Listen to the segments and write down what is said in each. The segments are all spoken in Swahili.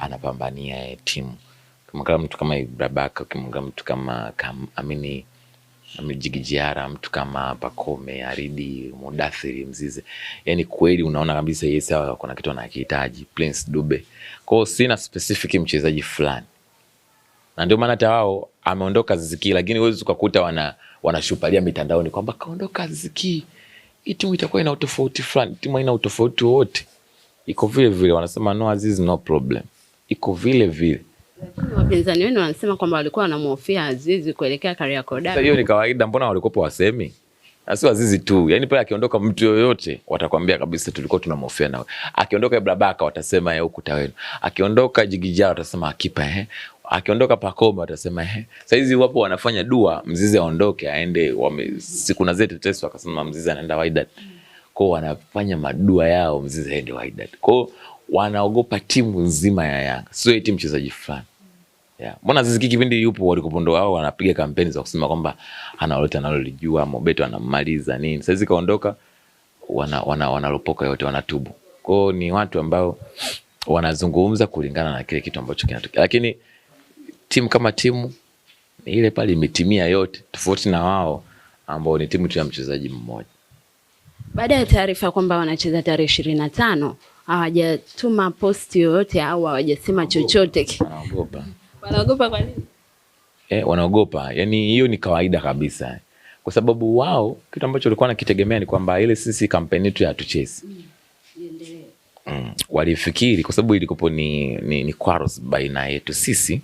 anapambania e, timu. Kama mtu kama Ibrabaka, ukimwangalia mtu kama Amini Jigijiara, mtu kama Pakome, Aridi, Mudathiri, Mzize, yani kweli unaona kabisa yes, hawa kuna kitu anakihitaji. Prince Dube kwao, sina specific mchezaji fulani, na ndio maana hata wao ameondoka Ziziki, lakini huwezi ukakuta wanashupalia wana mitandaoni kwamba kaondoka Ziziki, hii timu itakuwa ina utofauti fulani. Timu haina utofauti wowote, iko vile vile, wanasema no Aziz no problem iko vile vile. Lakini wapinzani wenu wanasema kwamba walikuwa wanamhofia Azizi kuelekea Kariakoo Derby. Hiyo ni kawaida, mbona walikopo wasemi? Sio Azizi tu, yani pale akiondoka mtu yoyote watakwambia kabisa tulikuwa tunamhofia nawe. Akiondoka Ibra watasema eh, ukuta wenu. Akiondoka Jigija watasema akipa eh. Akiondoka Pakoma watasema eh. Saizi wapo wanafanya dua Mzizi aondoke aende, wame siku na zetu teso akasema Mzizi anaenda Wydad. Kwao wanafanya madua yao Mzizi aende Wydad. Kwao wanaogopa timu nzima ya Yanga, sio eti mchezaji fulani. Yeah. Mbona ziziki kipindi yupo walikopondo wao wanapiga kampeni za kusema kwamba ana analoleta analolijua Mobeto anamaliza nini. Sasa kaondoka wana wana, wanalopoka wana yote wanatubu. Kwao ni watu ambao wanazungumza kulingana na kile kitu ambacho kinatokea. Lakini timu kama timu ile pale imetimia yote tofauti na wao ambao ni timu tu ya mchezaji mmoja. Baada ya taarifa kwamba wanacheza tarehe ishirini na tano hawajatuma posti yoyote au hawajasema chochote. Wanaogopa. Wanaogopa kwa nini? Eh, wanaogopa. Yaani hiyo ni kawaida kabisa, kwa sababu wao kitu ambacho walikuwa nakitegemea ni kwamba ile sisi kampeni yetu ya hatuchezi mm. Mm. Walifikiri kwa sababu ilikopo ni, ni, ni quarrels baina yetu sisi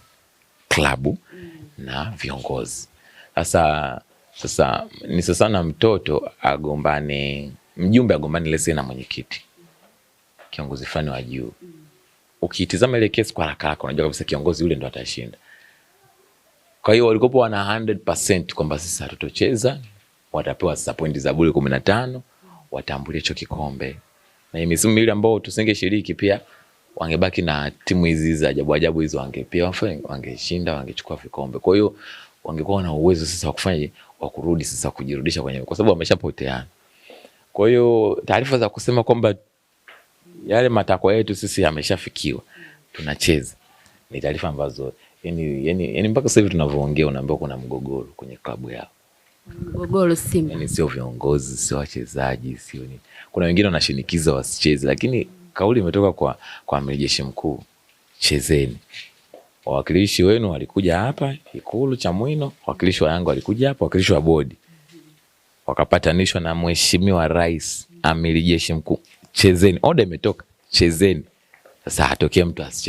klabu mm. na viongozi sasa sasa ni sasa na mtoto agombane mjumbe agombane lesi na mwenyekiti Mm kiongozi fulani wa juu. Mm. Ukitizama ile kesi kwa haraka haraka, unajua kabisa kiongozi yule ndo atashinda. Kwa hiyo walikopo wana 100% kwamba sisi hatutocheza, watapewa sasa pointi za bure 15, watambulie hicho kikombe. Na hii misimu ile ambao tusingeshiriki pia wangebaki na timu hizi za ajabu ajabu hizo, wangepewa wangeshinda, wangechukua vikombe. Kwa hiyo wangekuwa na uwezo sasa wa kufanya wa kurudi sasa kujirudisha kwenye, kwa sababu wameshapoteana. Kwa hiyo taarifa za kusema kwamba yale matakwa yetu sisi yameshafikiwa, tunacheza. Ni taarifa ambazo yani, yani, yani mpaka sasa hivi tunavyoongea unaambiwa kuna mgogoro kwenye klabu yao, mgogoro Simba. Yani sio viongozi, sio wachezaji, sio ni Kuna wengine wanashinikiza wasicheze, lakini kauli imetoka kwa kwa amiri mkuu, chezeni. Wawakilishi wenu walikuja hapa Ikulu Chamwino, wawakilishi wa Yanga walikuja hapa, wawakilishi wa bodi wakapatanishwa na mheshimiwa Rais, amiri jeshi mkuu chezeni. Oda imetoka, chezeni. Sasa hatokee mtu asicheze.